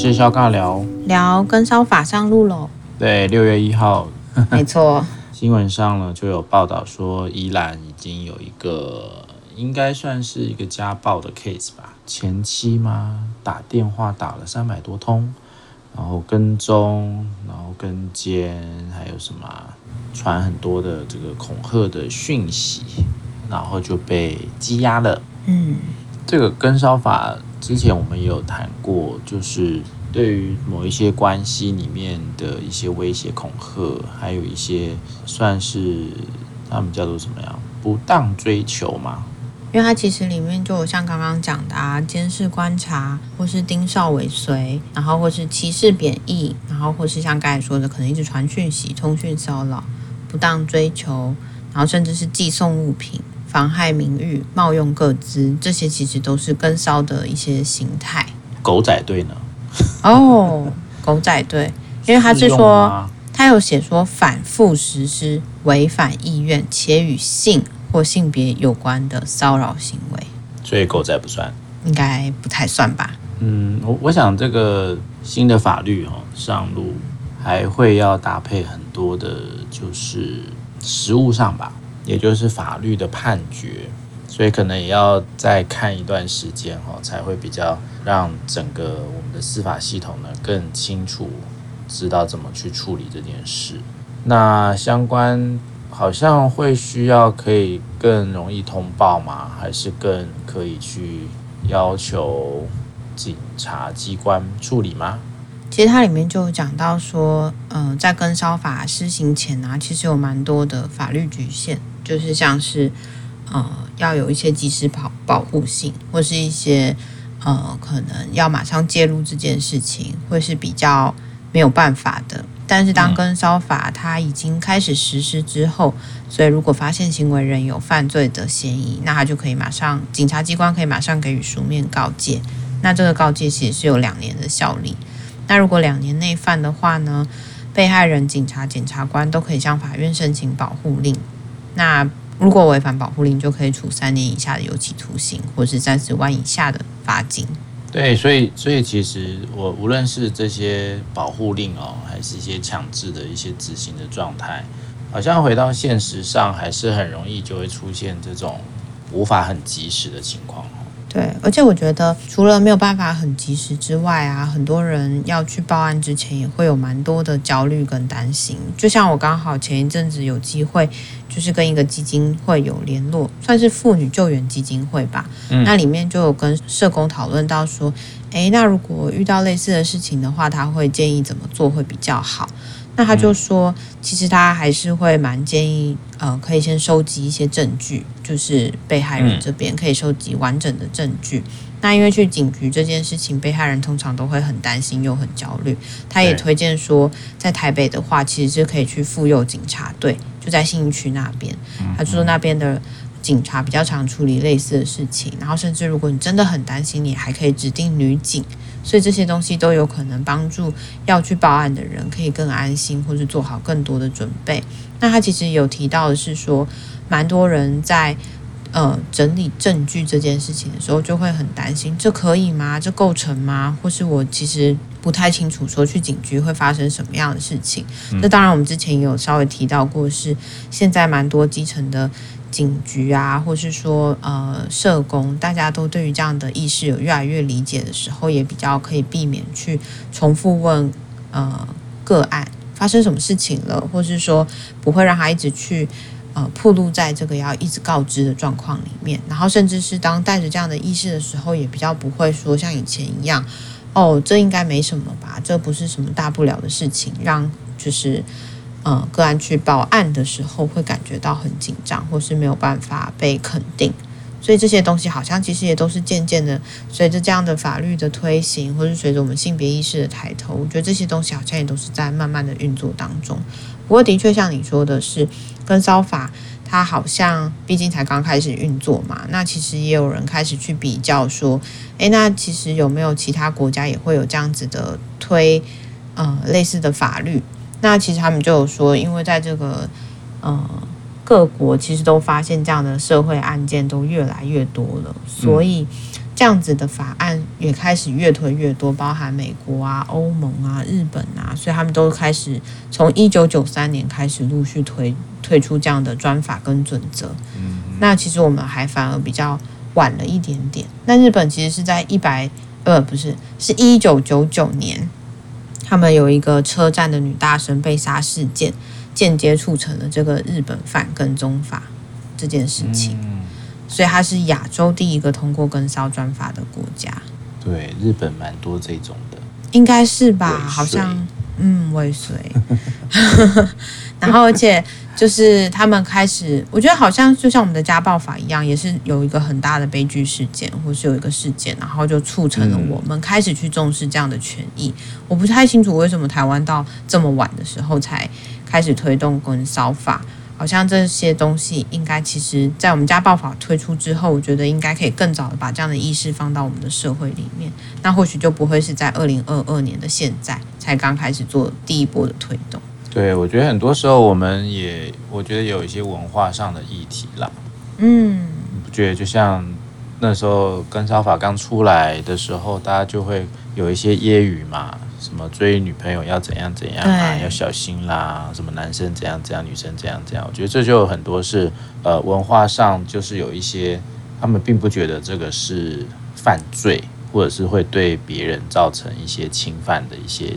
是肖尬聊，聊跟騷法上路了。對，六月一號，沒錯。 新聞上呢就有報道說，宜蘭已經有一個，應該算是一個家暴的 case 吧？前妻嘛，打電話打了三百多通，然後跟蹤，然後跟監，還有什麼傳很多的這個恐嚇的訊息，然後就被羈押了。嗯，這個跟騷法。之前我們也有談過，就是對於某一些關係裡面的一些威脅、恐嚇，還有一些算是他們叫做什麼樣？不當追求嘛？因為它其實裡面就有像剛剛講的啊，監視、觀察，或是盯梢、尾隨，然後或是歧視、貶抑，然後或是像剛才說的，可能一直傳訊息、通訊騷擾、不當追求，然後甚至是寄送物品。妨害名譽、冒用個資，這些其實都是跟騷的一些形態。狗仔隊呢？哦，oh, 狗仔隊， 因為他是說，他有寫說，反覆實施違反意願且與性或性別有關的騷擾行為，所以狗仔不算，應該不太算吧？嗯，我我想這個新的法律哈、哦、上路，還會要搭配很多的，就是實務上吧。也就是法律的判決，所以可能也要再看一段時間哈，才會比較讓整個我們的司法系統呢更清楚，知道怎麼去處理這件事。那相關好像會需要可以更容易通報嗎？還是更可以去要求警察機關處理嗎？其實它裡面就講到說，嗯、呃，在跟騷法施行前啊，其實有蠻多的法律侷限，就是像是，呃，要有一些及時保保護性，或是一些，呃，可能要馬上介入這件事情，會是比較沒有辦法的。但是當跟騷法它已經開始實施之後，嗯、所以如果發現行為人有犯罪的嫌疑，那他就可以馬上，警察機關可以馬上給予書面告誡，那這個告誡其實是有兩年的效力。那如果兩年內犯的話呢，被害人、警察、檢察官都可以向法院申請保護令。那如果違反保護令，就可以處三年以下的有期徒刑，或是三十萬以下的罰金。對，所以所以其實我無論是這些保護令哦，還是一些強制的一些執行的狀態，好像回到現實上，還是很容易就會出現這種無法很及時的情況。對，而且我覺得除了沒有辦法很及時之外啊，很多人要去報案之前也會有蠻多的焦慮跟擔心。就像我剛好前一陣子有機會，就是跟一個基金會有聯絡，算是婦女救援基金會吧。嗯，那裡面就有跟社工討論到說，誒，那如果遇到類似的事情的話，他會建議怎麼做會比較好？那他就說，其實他還是會蠻建議，呃，可以先收集一些證據，就是被害人這邊可以收集完整的證據。那因為去警局這件事情，被害人通常都會很擔心又很焦慮。他也推薦說，在台北的話，其實是可以去婦幼警察隊，就在信義區那邊。他就說那邊的。警察比較常處理類似的事情，然後甚至如果你真的很擔心，你還可以指定女警，所以這些東西都有可能幫助要去報案的人可以更安心，或是做好更多的準備。那他其實有提到的是說，蠻多人在呃整理證據這件事情的時候，就會很擔心：這可以嗎？這構成嗎？或是我其實不太清楚，說去警局會發生什麼樣的事情？嗯、那當然，我們之前也有稍微提到過是，是現在蠻多基層的。警局啊，或是說呃社工，大家都對於這樣的意識有越來越理解的時候，也比較可以避免去重複問呃個案發生什麼事情了，或是說不會讓他一直去呃暴露在這個要一直告知的狀況裡面。然後甚至是當帶着這樣的意識的時候，也比較不會說像以前一樣，哦，這應該沒什麼吧，這不是什麼大不了的事情，讓就是。嗯、呃，個案去報案的時候會感覺到很緊張，或是沒有辦法被肯定，所以這些東西好像其實也都是漸漸的隨着這樣的法律的推行，或是隨着我們性別意識的抬頭，我覺得這些東西好像也都是在慢慢的運作當中。不過的確像你說的是，跟騷法它好像畢竟才剛開始運作嘛，那其實也有人開始去比較說，誒，那其實有沒有其他國家也會有這樣子的推，嗯、呃，類似的法律？那其實他們就有說，因為在這個呃各國其實都發現這樣的社會案件都越來越多了，所以這樣子的法案也開始越推越多，包含美國啊、歐盟啊、日本啊，所以他們都開始從一九九三年開始陸續推推出這樣的專法跟準則。那其實我們還反而比較晚了一點點。那日本其實是在一百，呃不是，是一九九九年。他們有一個車站的女大生被殺事件，間接促成了這個日本反跟蹤法這件事情，嗯、所以它是亞洲第一個通過跟騷專法的國家。對，日本蠻多這種的，應該是吧？水好像，嗯，未遂。 然後，而且。 就是他們開始，我覺得好像就像我們的家暴法一樣，也是有一個很大的悲劇事件，或是有一個事件，然後就促成了我們開始去重視這樣的權益。嗯、我不太清楚為什麼台灣到這麼晚的時候才開始推動跟騷法，好像這些東西應該其實在我們家暴法推出之後，我覺得應該可以更早的把這樣的意識放到我們的社會裡面，那或許就不會是在二零二二年的現在才剛開始做第一波的推動。對，我覺得很多時候我們也，我覺得有一些文化上的議題啦，嗯，不覺得就像那時候跟騷法剛出來的時候，大家就會有一些揶揄嘛，什麼追女朋友要怎樣怎樣啊，對要小心啦，什麼男生怎樣怎樣，女生怎樣怎樣，我覺得這就有很多是呃文化上就是有一些他們並不覺得這個是犯罪，或者是會對別人造成一些侵犯的一些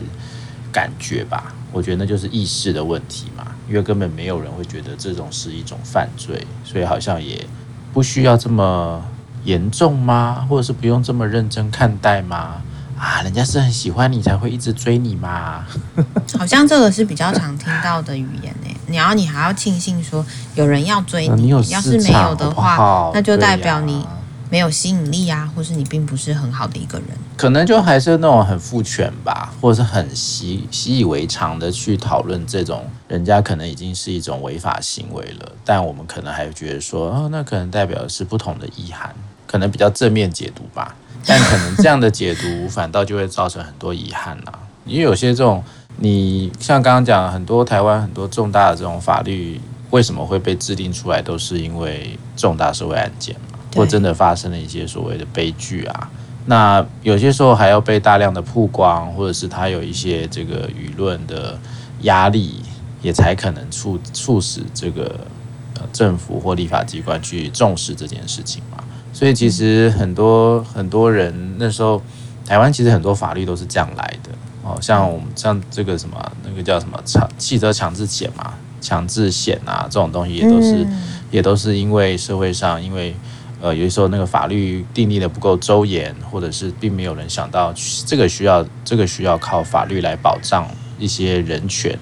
感覺吧。我覺得那就是意識的問題嘛，因為根本沒有人會覺得這種是一種犯罪，所以好像也不需要這麼嚴重嗎？或者是不用這麼認真看待嗎？啊，人家是很喜歡你才會一直追你嘛。好像這個是比較常聽到的語言誒。然後你還要慶幸說有人要追你，啊、你要是沒有的話，哦、那就代表你。沒有吸引力啊，或是你並不是很好的一個人，可能就還是那種很父權吧，或是很習習以為常的去討論這種，人家可能已經是一種違法行為了，但我們可能還覺得說，啊、哦，那可能代表的是不同的意涵，可能比較正面解讀吧，但可能這樣的解讀反倒就會造成很多遺憾了，啊， 因為有些這種，你像剛剛講很多台灣很多重大的這種法律，為什麼會被制定出來，都是因為重大社會案件。或真的發生了一些所謂的悲劇啊，那有些時候還要被大量的曝光，或者是他有一些這個輿論的壓力，也才可能促促使這個呃政府或立法機關去重視這件事情嘛。所以其實很多很多人，那時候台灣其實很多法律都是這樣來的哦，像我們像這個什麼那個叫什麼強汽車強制險嘛，強制險啊這種東西也都是、嗯、也都是因為社會上因為。呃，有些時候那個法律訂立的不夠周延，或者是並沒有人想到這個需要，這個需要靠法律來保障一些人權。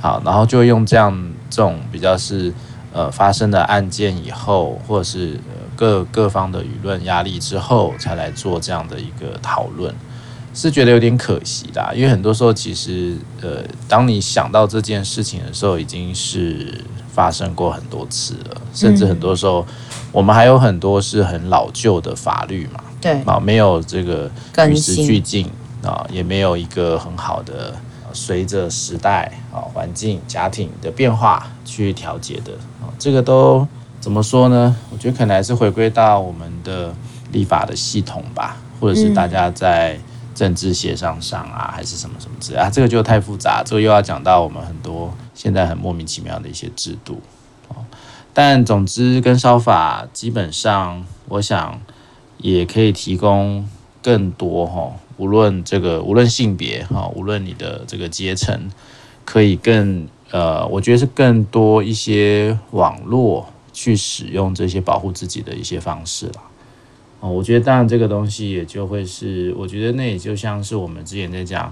好，然後就用這樣這種比較是呃發生的案件以後，或者是、呃、各各方的輿論壓力之後，才來做這樣的一個討論，是覺得有點可惜的、啊。因為很多時候，其實呃，當你想到這件事情的時候，已經是發生過很多次了，甚至很多時候。嗯我們還有很多是很老舊的法律嘛，對啊，沒有這個與時俱進啊，更新，也沒有一個很好的隨着時代啊、環境、家庭的變化去調節的啊，這個都怎麼說呢？我覺得可能還是回歸到我們的立法的系統吧，或者是大家在政治協商上啊，還是什麼什麼之類啊，這個就太複雜，這個又要講到我們很多現在很莫名其妙的一些制度。但總之，跟騷法基本上，我想也可以提供更多哈，無論這個無論性別哈，無論你的這個階層，可以更呃，我覺得是更多一些網絡去使用這些保護自己的一些方式了。哦，我覺得當然這個東西也就會是，我覺得那也就像是我們之前在講。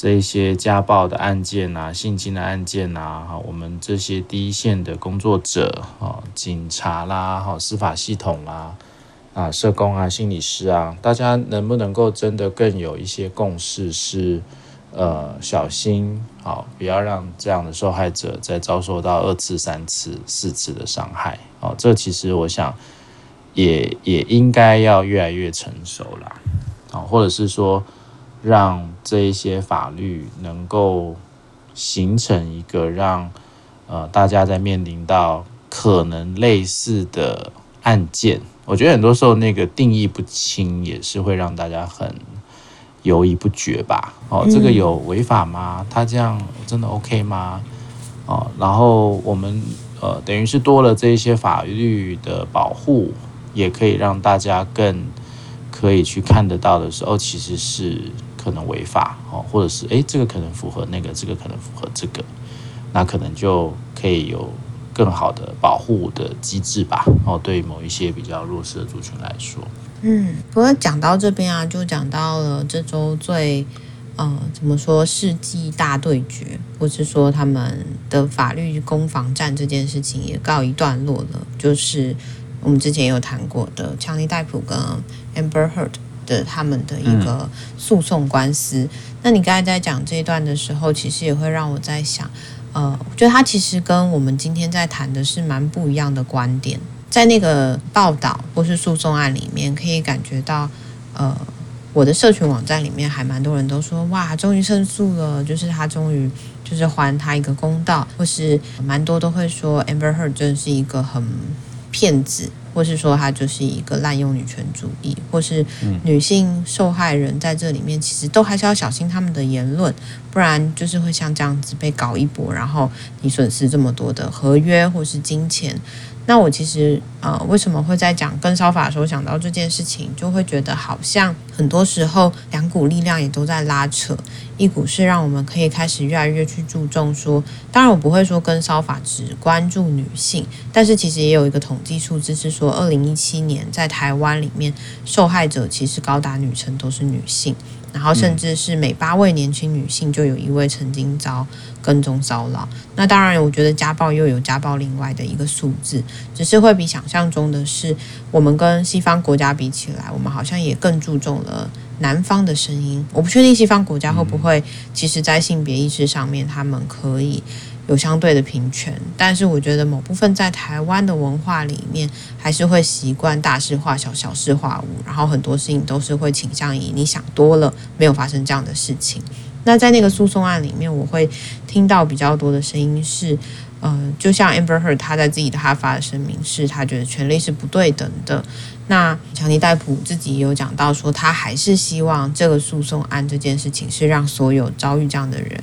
這一些家暴的案件啊，性侵的案件啊，我們這些第一線的工作者，警察啦，司法系統啦，啊，社工啊，心理師啊，大家能不能夠真的更有一些共識是，是呃，小心，啊，不要讓這樣的受害者再遭受到二次、三次、四次的傷害，哦，這其實我想也也應該要越來越成熟啦，啊，或者是說。讓這一些法律能夠形成一個讓呃大家在面臨到可能類似的案件，我覺得很多時候那個定義不清也是會讓大家很猶豫不決吧。哦，這個有違法嗎？他這樣真的 OK 嗎？哦，然後我們呃等於是多了這一些法律的保護，也可以讓大家更可以去看得到的時候，其實是。可能違法哦，或者是誒，這個可能符合那個，這個可能符合這個，那可能就可以有更好的保護的機制吧。哦，對於某一些比較弱勢的族群來說，嗯，不過講到這邊啊，就講到了這周最，嗯、呃，怎麼說世紀大對決，或是說他們的法律攻防戰這件事情也告一段落了。就是我們之前有談過的，強尼戴普跟 Amber Heard。的他們的一個訴訟官司，嗯、那你剛才在講這一段的時候，其實也會讓我在想，呃，我覺得他其實跟我們今天在談的是蠻不一樣的觀點。在那個報道或是訴訟案裡面，可以感覺到，呃，我的社群網站裡面還蠻多人都說，哇，終於勝訴了，就是他終於就是還他一個公道，或是蠻多都會說，Amber Heard 真的是一個很騙子。或是說他就是一個濫用女權主義，或是女性受害人，在這裡面，其實都還是要小心他們的言論，不然就是會像這樣子被搞一波，然後你損失這麼多的合約或是金錢。那我其實，呃，為什麼會在講跟騷法的時候講到這件事情，就會覺得好像很多時候兩股力量也都在拉扯，一股是讓我們可以開始越來越去注重說，當然我不會說跟騷法只關注女性，但是其實也有一個統計數字是說，二零一七年在台灣裡面受害者其實高達，女生都是女性，然後甚至是每八位年輕女性就有一位曾經遭。跟蹤騷擾，那當然，我覺得家暴又有家暴另外的一個數字，只是會比想象中的是，我們跟西方國家比起來，我們好像也更注重了男方的聲音。我不確定西方國家會不會，其實在性別意識上面，他們可以有相對的平權，但是我覺得某部分在台灣的文化裡面，還是會習慣大事化小，小事化無，然後很多事情都是會傾向於你想多了，沒有發生這樣的事情。那在那個訴訟案裡面，我會聽到比較多的聲音是，呃，就像 Amber Heard 他在自己的他發的聲明是，他覺得權力是不對等的。那強尼戴普自己也有講到說，他還是希望這個訴訟案這件事情是讓所有遭遇這樣的人，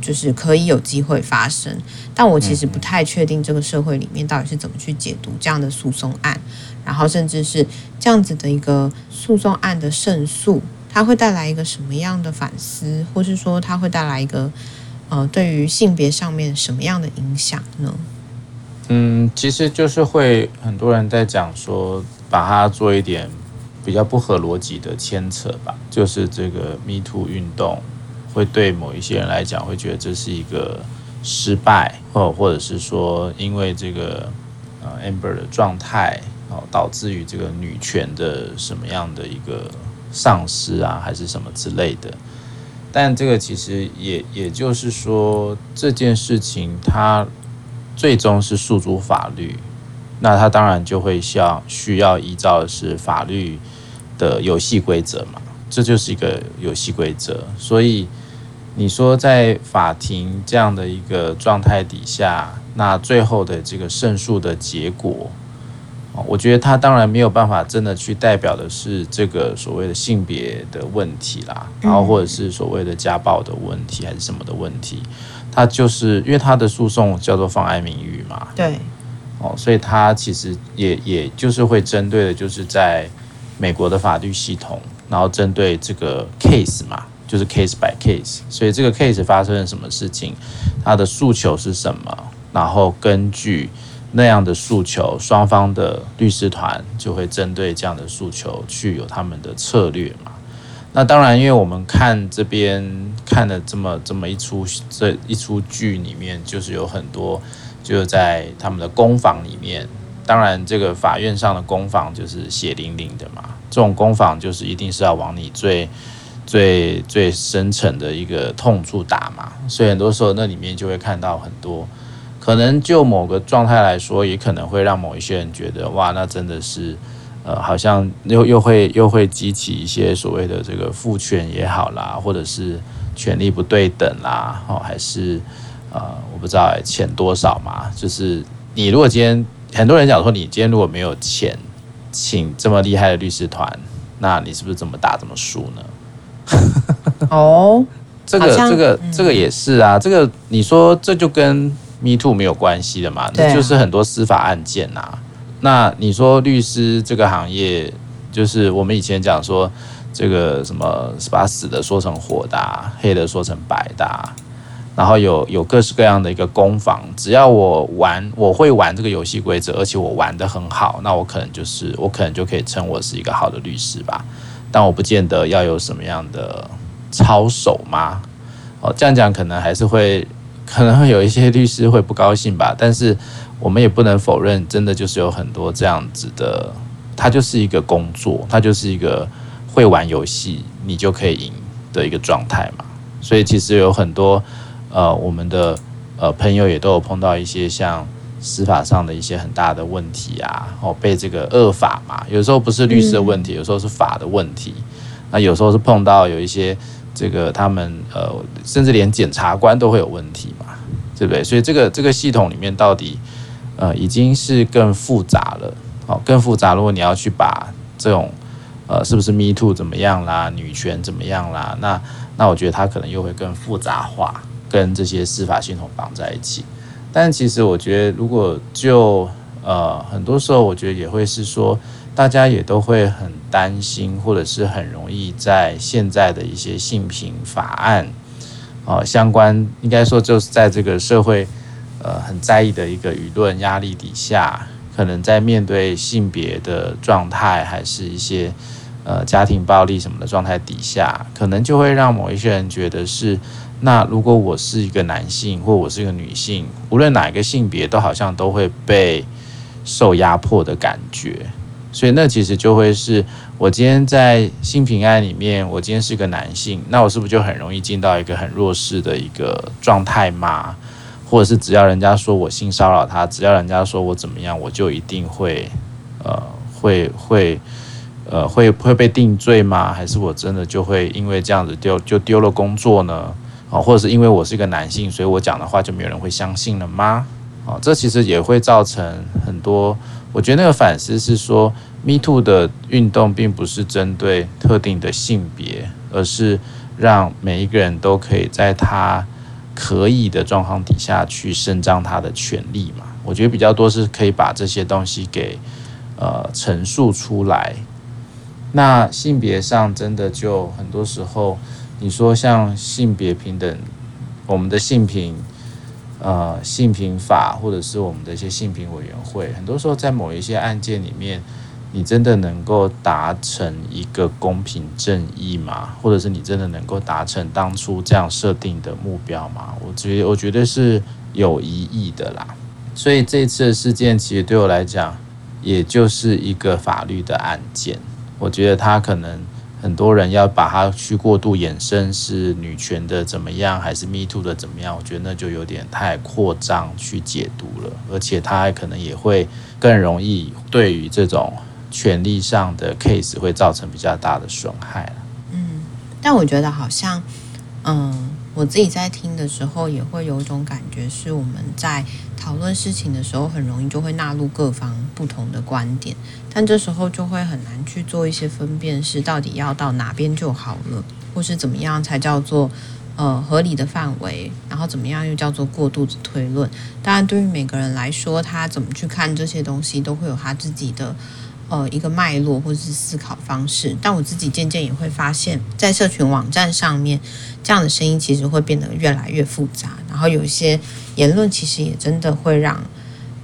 就是可以有機會發聲。但我其實不太確定這個社會裡面到底是怎麼去解讀這樣的訴訟案，然後甚至是這樣子的一個訴訟案的勝訴。它會帶來一個什麼樣的反思，或是說它會帶來一個呃，對於性別上面什麼樣的影響呢？嗯，其實就是會很多人在講說，把它做一點比較不合邏輯的牽扯吧，就是這個 Me Too 運動會對某一些人來講會覺得這是一個失敗，哦，或者是說因為這個呃 Amber 的狀態然後導致於這個女權的什麼樣的一個。喪失啊，還是什麼之類的，但這個其實也也就是說，這件事情它最終是訴諸法律，那它當然就會需要需要依照的是法律的遊戲規則嘛，這就是一個遊戲規則。所以你說在法庭這樣的一個狀態底下，那最後的這個勝訴的結果，我覺得他當然沒有辦法真的去代表的是這個所謂的性別的問題啦，然後或者是所謂的家暴的問題還是什麼的問題，他就是因為他的訴訟叫做妨害名譽嘛，對，哦，所以他其實也也就是會針對的就是在美國的法律系統，然後針對這個 case 嘛，就是 case by case，所以這個 case 發生了什麼事情，他的訴求是什麼，然後根據。那樣的訴求，雙方的律師團就會針對這樣的訴求去有他們的策略嘛。那當然，因為我們看這邊看了這麼這麼一出這一出劇裡面，就是有很多就是在他們的攻防裡面。當然，這個法院上的攻防就是血淋淋的嘛。這種攻防就是一定是要往你最最最深層的一個痛處打嘛。所以很多時候那裡面就會看到很多。可能就某個狀態來說，也可能會讓某一些人覺得，哇，那真的是，呃，好像又又會又會激起一些所謂的這個父權也好啦，或者是權力不對等啦，哦，還是呃，我不知道欸，錢多少嘛，就是你如果今天很多人講說，你今天如果沒有錢請這麼厲害的律師團，那你是不是怎麼打怎麼輸呢？ 哦，這個像這個、嗯這個、這個也是啊，這個你說這就跟。Me too 沒有關係的嘛，啊、那就是很多司法案件吶、啊。那你說律師這個行業，就是我們以前講說這個什麼，把死的說成活的、啊，黑的說成白的、啊，然後有有各式各樣的一個攻防。只要我玩，我會玩這個遊戲規則，而且我玩得很好，那我可能就是我可能就可以稱我是一個好的律師吧。但我不見得要有什麼樣的操守嗎？哦，這樣講可能還是會。可能會有一些律師會不高興吧，但是我們也不能否認，真的就是有很多這樣子的，他就是一個工作，他就是一個會玩遊戲，你就可以贏的一個狀態嘛。所以其實有很多呃，我們的呃朋友也都有碰到一些像司法上的一些很大的問題啊，哦，被這個惡法嘛，有時候不是律師的問題，嗯、有時候是法的問題，那有時候是碰到有一些。這個他們呃，甚至連檢察官都會有問題嘛，對不對？所以這個這個系統裡面到底呃已經是更複雜了，好、哦、更複雜。如果你要去把這種呃是不是 Me Too 怎麼樣啦，女權怎麼樣啦，那那我覺得它可能又會更複雜化，跟這些司法系統綁在一起。但其實我覺得，如果就呃很多時候，我覺得也會是說。大家也都會很擔心，或者是很容易在現在的一些性平法案，相關應該說就是在這個社會，呃，很在意的一個輿論壓力底下，可能在面對性別的狀態，還是一些呃家庭暴力什麼的狀態底下，可能就會讓某一些人覺得是，那如果我是一個男性，或我是一個女性，無論哪一個性別，都好像都會被受壓迫的感覺。所以那其實就會是我今天在性平案裡面，我今天是個男性，那我是不是就很容易進到一個很弱勢的一個狀態嘛？或者是只要人家說我性騷擾他，只要人家說我怎麼樣，我就一定會呃會會呃會會被定罪嗎？還是我真的就會因為這樣子丟就丟了工作呢？啊，或者是因為我是一個男性，所以我講的話就沒有人會相信了嗎？啊，這其實也會造成很多。我覺得那個反思是說，Me Too 的運動並不是針對特定的性別，而是讓每一個人都可以在他可以的狀況底下去伸張他的權利嘛。我覺得比較多是可以把這些東西給呃陳述出來。那性別上真的就很多時候，你說像性別平等，我們的性平。呃，性平法或者是我們的一些性平委員會，很多時候在某一些案件裡面，你真的能夠達成一個公平正義嗎？或者是你真的能夠達成當初這樣設定的目標嗎？我覺得我覺得是有疑義的啦。所以這次事件其實對我來講，也就是一個法律的案件。我覺得它可能。很多人要把它去過度衍生，是女權的怎麼樣，還是 Me Too 的怎麼樣？我覺得那就有點太擴張去解讀了，而且它還可能也會更容易對於這種權力上的 case 會造成比較大的損害了。嗯，但我覺得好像，嗯。我自己在聽的時候，也會有一種感覺，是我們在討論事情的時候，很容易就會納入各方不同的觀點，但這時候就會很難去做一些分辨，是到底要到哪邊就好了，或是怎麼樣才叫做呃合理的範圍，然後怎麼樣又叫做過度的推論。當然，對於每個人來說，他怎麼去看這些東西，都會有他自己的。呃，一個脈絡或是思考方式，但我自己漸漸也會發現，在社群網站上面，這樣的聲音其實會變得越來越複雜，然後有一些言論其實也真的會讓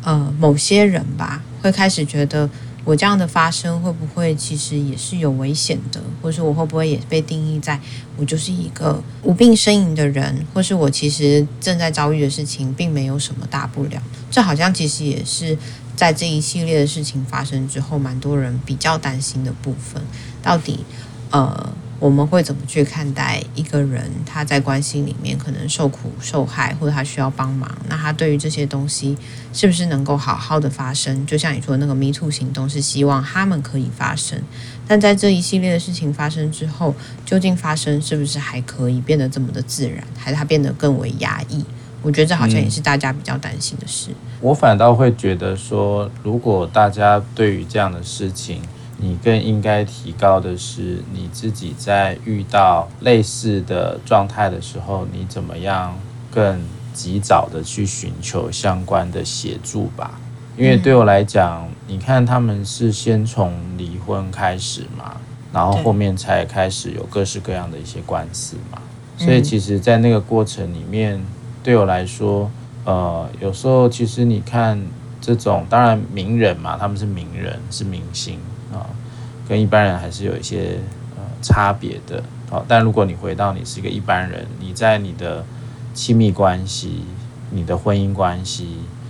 呃某些人吧，會開始覺得我這樣的發聲會不會其實也是有危險的，或者是我會不會也被定義在我就是一個無病呻吟的人，或是我其實正在遭遇的事情並沒有什麼大不了，這好像其實也是。在這一系列的事情發生之後，蠻多人比較擔心的部分，到底，呃，我們會怎麼去看待一個人他在關係裡面可能受苦、受害，或者他需要幫忙？那他對於這些東西是不是能夠好好的發生？就像你說的那個 MeToo 行動是希望他們可以發生，但在這一系列的事情發生之後，究竟發生是不是還可以變得這麼的自然，還是它變得更為壓抑？我覺得這好像也是大家比較擔心的事。嗯。我反倒會覺得說，如果大家對於這樣的事情，你更應該提高的是你自己在遇到類似的狀態的時候，你怎麼樣更及早的去尋求相關的協助吧。因為對我來講，嗯。你看他們是先從離婚開始嘛，然後後面才開始有各式各樣的一些官司嘛，嗯。所以其實在那個過程裡面。對我來說，呃，有時候其實你看這種，當然名人嘛，他們是名人，是明星啊，呃，跟一般人還是有一些呃差別的。好，呃，但如果你回到你是一個一般人，你在你的親密關係、你的婚姻關係，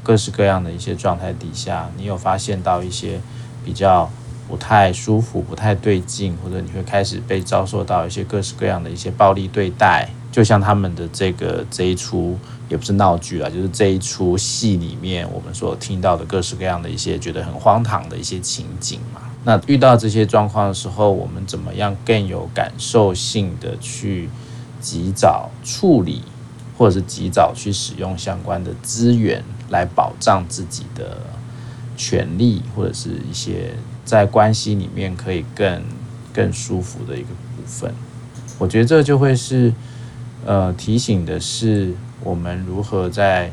各式各樣的一些狀態底下，你有發現到一些比較不太舒服、不太對勁，或者你會開始被遭受到一些各式各樣的一些暴力對待，就像他們的這個這一出也不是鬧劇啊，就是這一出戲裡面我們所聽到的各式各樣的一些覺得很荒唐的一些情景嘛。那遇到這些狀況的時候，我們怎麼樣更有感受性的去及早處理，或者是及早去使用相關的資源來保障自己的權利，或者是一些在關係裡面可以更更舒服的一個部分。我覺得這就會是。呃，提醒的是，我們如何在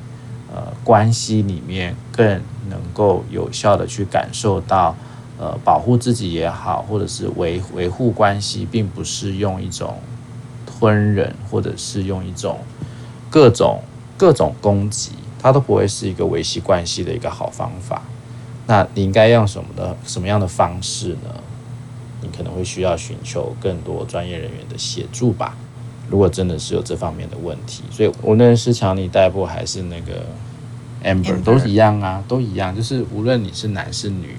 呃關係裡面更能夠有效的去感受到，呃，保護自己也好，或者是維維護關係，並不是用一種吞忍，或者是用一種各種各種攻擊，它都不會是一個維繫關係的一個好方法。那你應該用什麼的，什麼樣的方式呢？你可能會需要尋求更多專業人員的協助吧。如果真的是有這方面的問題，所以無論是強尼戴普還是那個 Amber，都一樣啊，都一樣。就是無論你是男是女，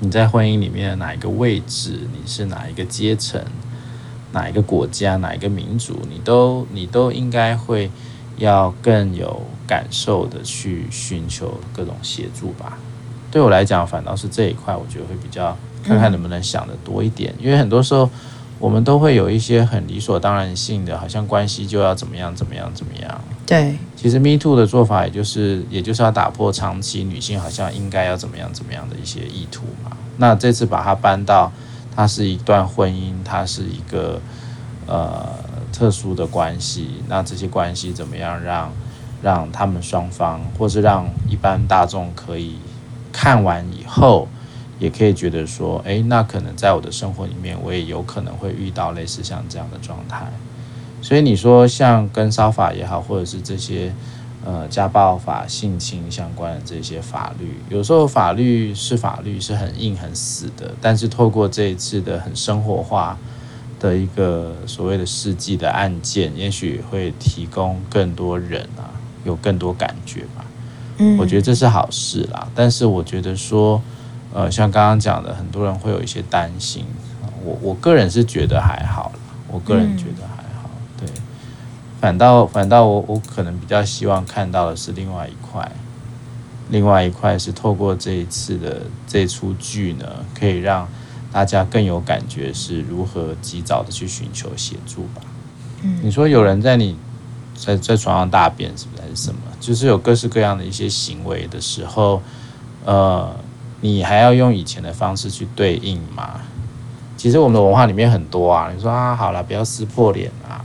你在婚姻裡面的哪一個位置，你是哪一個階層，哪一個國家，哪一個民族，你都你都應該會要更有感受的去尋求各種協助吧。對我來講，反倒是這一塊，我覺得會比較看看能不能想得多一點，嗯、因為很多時候。我們都會有一些很理所當然性的，好像關係就要怎麼樣怎麼樣怎麼樣。對，其實 Me Too 的做法，也就是也就是要打破長期女性好像應該要怎麼樣怎麼樣的一些意圖嘛。那這次把它搬到它是一段婚姻，它是一個呃特殊的關係。那這些關係怎麼樣讓讓他們雙方，或是讓一般大眾可以看完以後，也可以覺得說，誒、欸，那可能在我的生活裡面，我也有可能會遇到類似像這樣的狀態。所以你說像跟騷法也好，或者是這些呃家暴法、性侵相關的這些法律，有時候法律是法律，是很硬很死的。但是透過這一次的很生活化的一個所謂的世紀的案件，也許會提供更多人啊，有更多感覺吧。嗯，我覺得這是好事啦。但是我覺得說。呃，像剛剛講的，很多人會有一些擔心，呃、我我個人是覺得還好啦，我個人覺得還好，嗯、對。反倒，反倒我我可能比較希望看到的是另外一塊，另外一塊是透過這一次的這出劇呢，可以讓大家更有感覺是如何及早的去尋求協助吧。嗯、你說有人在你在在床上大便是不是，還是什麼，就是有各式各樣的一些行為的時候，呃，你還要用以前的方式去對應嗎？其實我們的文化裡面很多啊。你說啊，好啦，不要撕破臉啦、啊。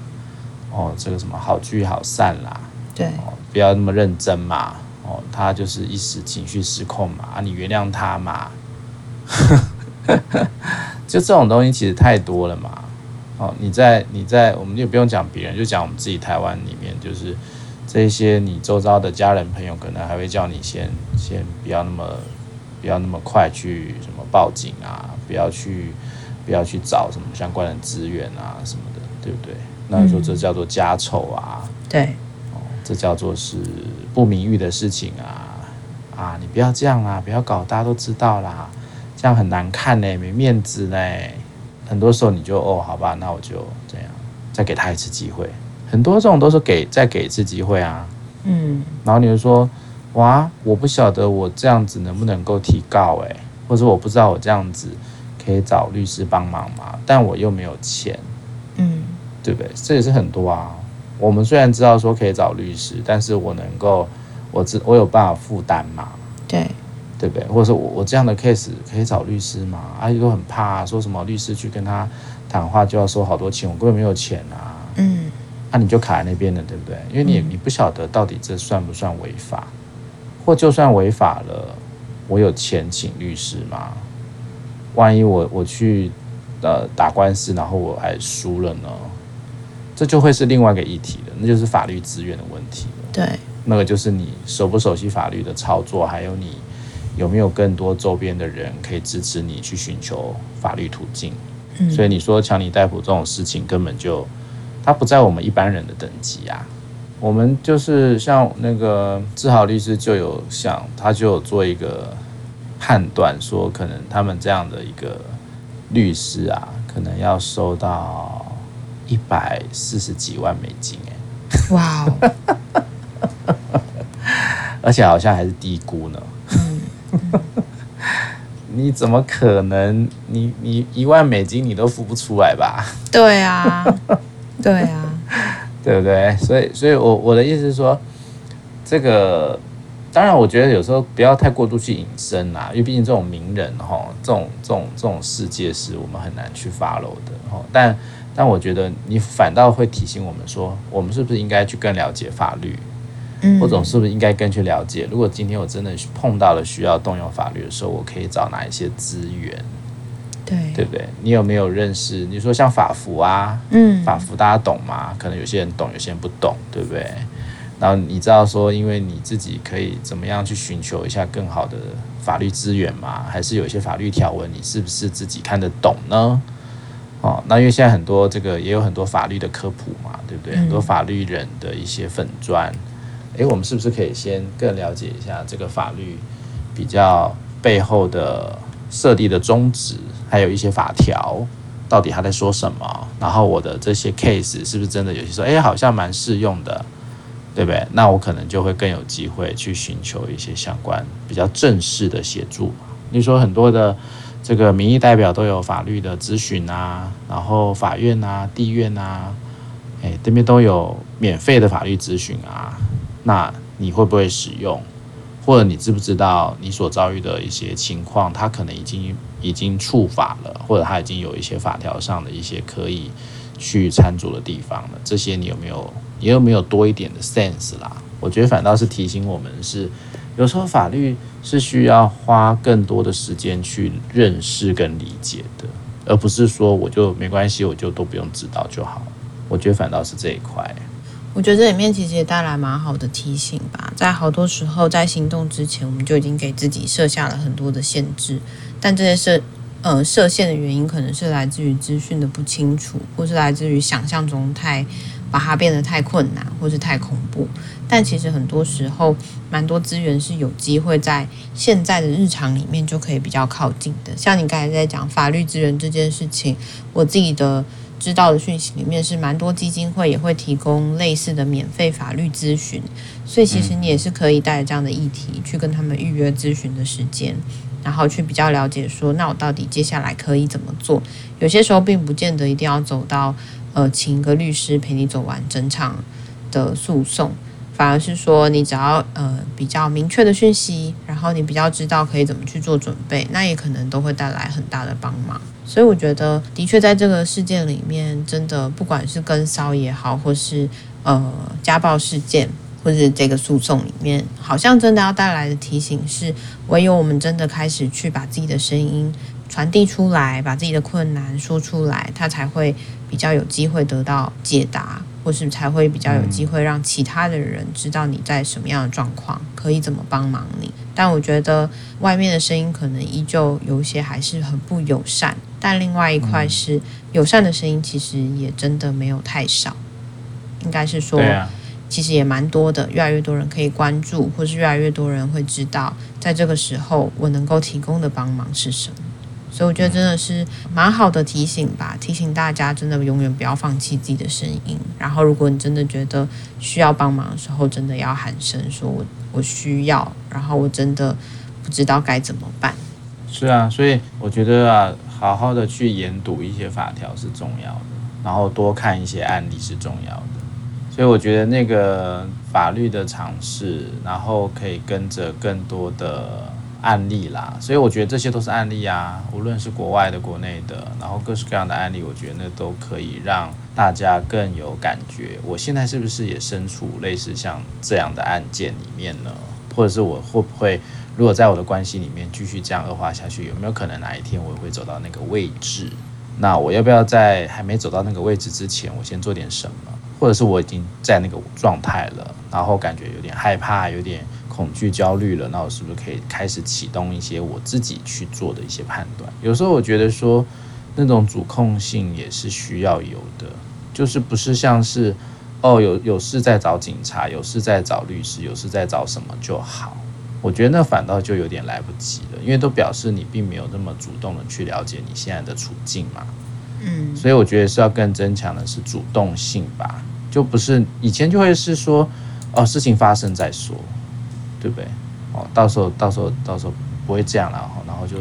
哦，這個什麼好聚好散啦，對、哦，不要那麼認真嘛。哦，他就是一時情緒失控嘛，啊，你原諒他嘛。 就這種東西其實太多了嘛。哦，你在你在，我們就不用講別人，就講我們自己台灣裡面，就是這些你周遭的家人朋友，可能還會叫你先先不要那麼。不要那麼快去什麼報警啊，不要去，不要去找什麼相關的資源啊什麼的，對不對？那你說這叫做家醜啊，嗯、對，哦，這叫做是不名譽的事情啊啊，你不要這樣啦、啊，不要搞，大家都知道啦，這樣很難看嘞，沒面子嘞，很多時候你就哦，好吧，那我就這樣，再給他一次機會，很多這種都是給再給一次機會啊，嗯，然後你就說。哇，我不曉得我這樣子能不能夠提告哎，欸，或者我不知道我這樣子可以找律師幫忙嗎？但我又沒有錢，嗯，對不對？這也是很多啊。我們雖然知道說可以找律師，但是我能夠，我知我有辦法負擔嘛？對，對不對？或者說我我這樣的 case 可以找律師嘛？而且都很怕，啊，說什麼律師去跟他談話就要收好多錢，我根本沒有錢啊。嗯，那，啊，你就卡在那邊了，對不對？因為你，嗯、你不曉得到底這算不算違法？或就算違法了，我有錢請律師嗎？萬一我我去呃打,打官司，然後我還輸了呢，這就會是另外一個議題了，那就是法律資源的問題了。對，那個就是你熟不熟悉法律的操作，還有你有沒有更多周邊的人可以支持你去尋求法律途徑。嗯，所以你說強尼戴普這種事情根本就，它不在我們一般人的等級啊。我們就是像那個志豪律師就有想，他就有做一個判斷，說可能他們這樣的一個律師啊，可能要收到一百四十幾萬美金、欸，哎，哇，而且好像還是低估呢。 你怎麼可能你？你你一萬美金你都付不出來吧？ 對啊，對啊。對不對？所以，所以，我我的意思是說，這個當然，我覺得有時候不要太過度去引申啦、啊，因為畢竟這種名人哈，這種這種這種世界是我們很難去 follow 的哈。但但我覺得你反倒會提醒我們說，我們是不是應該去更了解法律？嗯，或者是不是應該更去了解？如果今天我真的碰到了需要動用法律的時候，我可以找哪一些資源？對，對不對？你有沒有認識？你說像法扶啊，嗯，法扶大家懂嗎？可能有些人懂，有些人不懂，對不對？然後你知道說，因為你自己可以怎麼樣去尋求一下更好的法律資源嘛？還是有一些法律條文，你是不是自己看得懂呢？哦，那因為現在很多這個也有很多法律的科普嘛，對不對？嗯、很多法律人的一些粉專。誒，我們是不是可以先更了解一下這個法律比較背後的？設立的宗旨，還有一些法條，到底他在說什麼？然後我的這些 case 是不是真的有些時候，哎、欸，好像蠻適用的，對不對？那我可能就會更有機會去尋求一些相關比較正式的協助嘛。你說很多的這個民意代表都有法律的諮詢啊，然後法院啊、地院啊，哎、欸，這邊都有免費的法律諮詢啊，那你會不會使用？或者你知不知道你所遭遇的一些情況，他可能已經已經觸法了，或者他已經有一些法條上的一些可以去參酌的地方了。這些你有沒有，你有沒有多一點的 sense 啦？我覺得反倒是提醒我們是，有時候法律是需要花更多的時間去認識跟理解的，而不是說我就沒關係，我就都不用知道就好。我覺得反倒是這一塊。我覺得這裡面其實也帶來蠻好的提醒吧，在好多時候在行動之前，我們就已經給自己設下了很多的限制，但這些設呃設限的原因，可能是來自於資訊的不清楚，或是來自於想象中太把它變得太困難，或是太恐怖。但其實很多時候，蠻多資源是有機會在現在的日常裡面就可以比較靠近的。像你剛才在講法律資源這件事情，我自己的。知道的訊息裡面是蠻多基金會也會提供類似的免費法律諮詢，所以其實你也是可以帶着這樣的議題去跟他們預約諮詢的時間，然後去比較了解說，那我到底接下來可以怎麼做？有些時候並不見得一定要走到呃，請一個律師陪你走完整場的訴訟。反而是說，你只要呃比較明確的訊息，然後你比較知道可以怎麼去做準備，那也可能都會帶來很大的幫忙。所以我覺得，的確在這個事件裡面，真的不管是跟騷也好，或是呃家暴事件，或是這個訴訟裡面，好像真的要帶來的提醒是，唯有我們真的開始去把自己的聲音傳遞出來，把自己的困難說出來，它才會比較有機會得到解答。或是才會比較有機會讓其他的人知道你在什麼樣的狀況，可以怎麼幫忙你，但我覺得外面的聲音可能依舊有些還是很不友善。但另外一塊是友善的聲音，其實也真的沒有太少。應該是說，其實也蠻多的，越來越多人可以關注，或是越來越多人會知道，在這個時候我能夠提供的幫忙是什麼。所以我覺得真的是蠻好的提醒吧，提醒大家真的永遠不要放棄自己的聲音。然後，如果你真的覺得需要幫忙的時候，真的要喊聲，說我我需要，然後我真的不知道該怎麼辦。是啊，所以我覺得啊，好好的去研讀一些法條是重要的，然後多看一些案例是重要的。所以我覺得那個法律的嘗試，然後可以跟着更多的。案例啦，所以我覺得這些都是案例啊，無論是國外的、國內的，然後各式各樣的案例，我覺得那都可以讓大家更有感覺。我現在是不是也身處類似像這樣的案件裡面呢？或者是我會不會，如果在我的關係裡面繼續這樣惡化下去，有沒有可能哪一天我也會走到那個位置？那我要不要在還沒走到那個位置之前，我先做點什麼？或者是我已經在那個狀態了，然後感覺有點害怕，有點。恐懼焦慮了，那我是不是可以開始啟動一些我自己去做的一些判斷？有時候我覺得說，那種主控性也是需要有的，就是不是像是，哦，有有事再找警察，有事再找律師，有事再找什麼就好？我覺得那反倒就有點來不及了，因為都表示你並沒有那麼主動的去了解你現在的處境嘛。嗯，所以我覺得是要更增強的是主動性吧，就不是以前就會是說，哦，事情發生再說。對不對？哦，到時候到時候到時候不會這樣了，然後然後就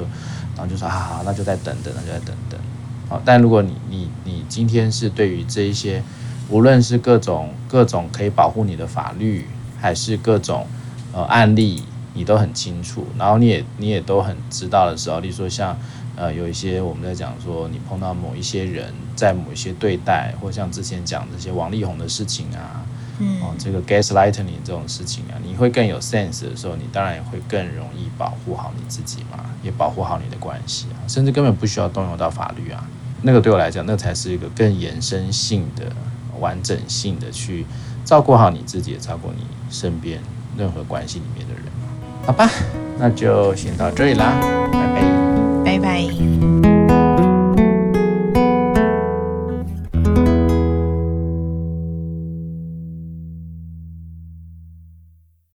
然後就說：‘啊，那就再等等，那就再等等，好，但如果你你你今天是對於這一些，無論是各種各種可以保護你的法律，還是各種呃案例，你都很清楚，然後你也你也都很知道的時候，例如說像呃有一些我們在講說你碰到某一些人在某一些對待，或像之前講這些王力宏的事情啊。嗯、哦，這個 gaslighting 這種事情啊，你會更有 sense 的時候，你當然也會更容易保護好你自己嘛，也保護好你的關係啊，甚至根本不需要動用到法律啊。那個對我來講，那個、才是一個更延伸性的、完整性的去照顧好你自己，也照顧你身邊任何關係裡面的人。好吧，那就先到這裡啦，拜拜，拜拜。